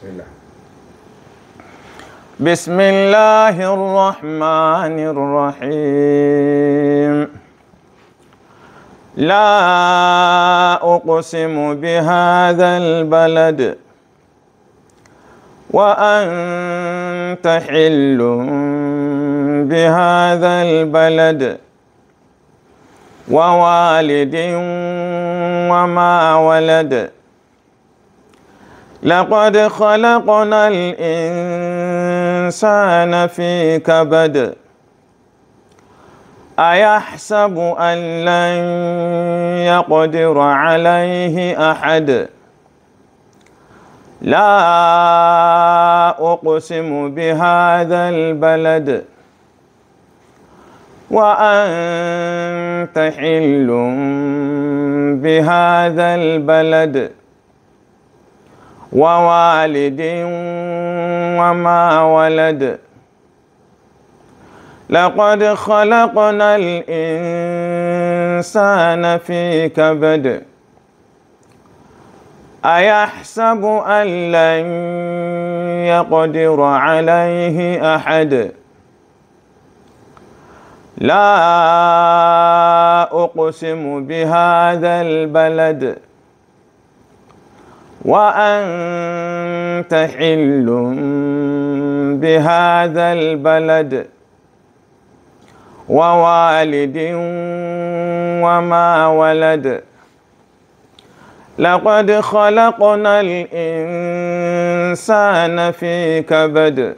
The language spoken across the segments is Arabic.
بسم الله بسم الله الرحمن الرحيم لا أقسم بهذا البلد وأنت حل بهذا البلد ووالد وما ولد لقد خلقنا الإنسان في كبد أيحسب أن لن يقدر عليه أحد لا أقسم بهذا البلد وأنت حل بهذا البلد ووالد وما ولد لقد خلقنا الإنسان في كبد أيحسب أن لن يقدر عليه أحد لا أقسم بهذا البلد وأنت حل بهذا البلد ووالد وما ولد لقد خلقنا الإنسان في كبد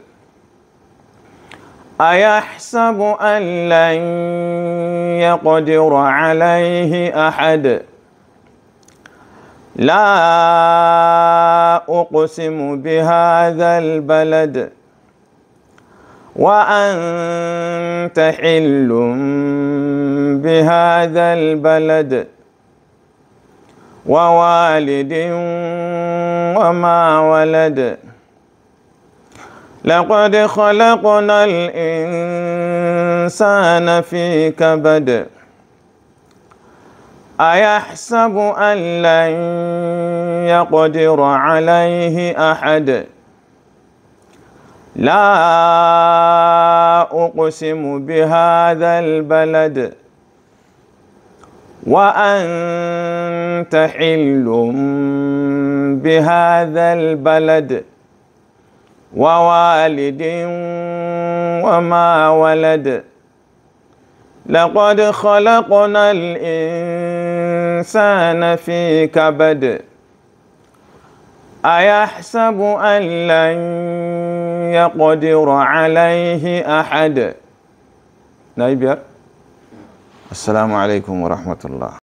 أيحسب أن لن يقدر عليه أحد لا أقسم بهذا البلد وأنت حل بهذا البلد ووالد وما ولد لقد خلقنا الإنسان في كبد أيحسب أن لن يقدر عليه أحد لا أقسم بهذا البلد وأنت حل بهذا البلد ووالد وما ولد لقد خلقنا الإنسان في كبد أيحسب أن لن يقدر عليه أحد نايبير السلام عليكم ورحمة الله